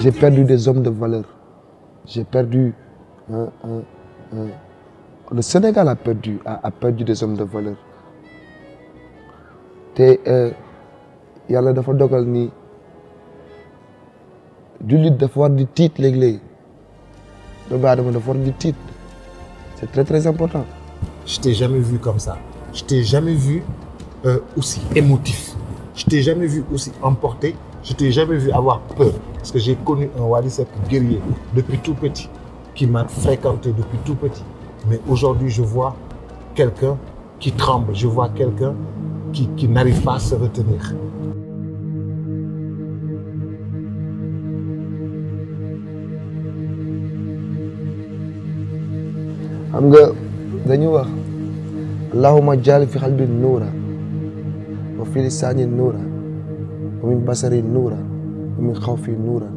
J'ai perdu des hommes de valeur. J'ai perdu... Un, un, Le Sénégal a perdu, des hommes de valeur. te euh, yàlla dafa dogal ni jullit dafa war di tiit léeg-léeg doomu aadama dafa war c'est très très important. je t'ai jamais vu comme ça je t'ai jamais vu euh, aussi émotif je t'ai jamais vu emporté Je t'ai jamais vu avoir peur parce que j'ai connu un Wally Seck guerrier depuis tout petit, qui m'a fréquenté depuis tout petit. Mais aujourd'hui, je vois quelqu'un qui tremble, je vois quelqu'un qui, qui n'arrive pas à se retenir. xam nga dañu wax allahuma jaal fi xalbi nuura wa fi lisaani ومن بصري نورا ومن خوفي نورا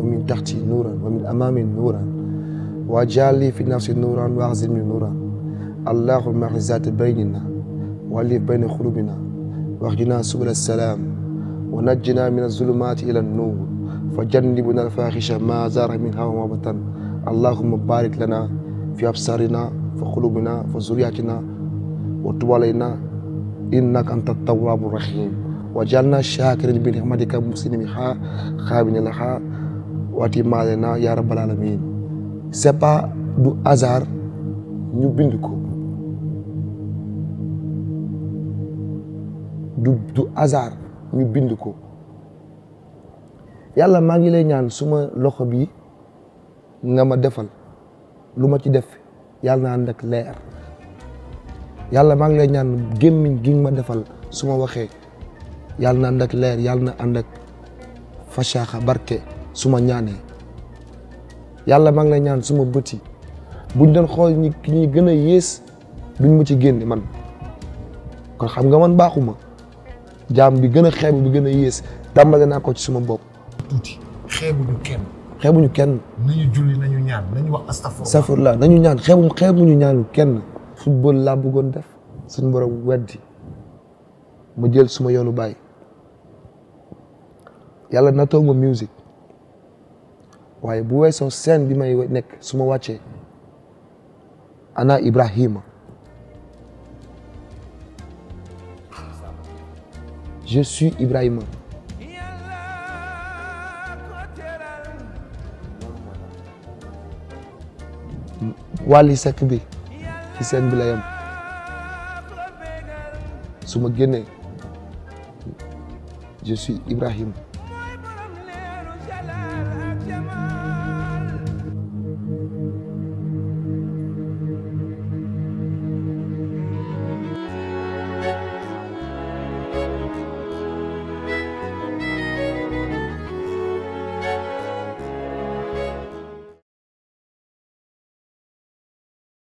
ومن تحتي نورا ومن أمامي نورا واجعل لي في نفسي نورا واعزمني نورا اللهم اغفر ذات بيننا والف بين قلوبنا واهدنا سبل السلام ونجنا من الظلمات إلى النور وجنبنا الفاحش ما زار منها وما بطن اللهم بارك لنا في أبصارنا وقلوبنا وذرياتنا وتب علينا إنك أنت التواب الرحيم واجعلنا شاكرين بنعمتك مسلمين خابين لها واتم علينا يا رب العالمين c'est pas du hasard ñu bind ko du du ñu bind ko yàlla maa ngi lay ñaan suma loxo bi nga ma defal lu ma ci def yàlla naa ànd ak leer yàlla maa ngi lay ñaan gémmiñ gi ma defal su ma waxee yàlla na ànd leer yàlla na ànd ak fachaxa barke suma ñaanee yàlla maa ngi lay ñaan suma bët yi buñ doon xool ñi ñi gën a yées duñ ma ci génne man kon xam nga man baaxuma jaam bi gën a xeebu bi gën a yées tàmbale naa ko ci suma bopp tuuti xeebuñu kenn xeebuñu kenn ñaan nañu wax ñu ñaan xeebu xeebuñu ñaanu kenn football laa bëggoon def suñ borom weddi ma jël suma yoonu baay yàlla natoo ma musique waaye bu weesoo seen bi may nekk su ma wàccee ana Ibrahima je suis Ibrahima Wally Seck bi ci scène yem su ma génnee je suis Ibrahima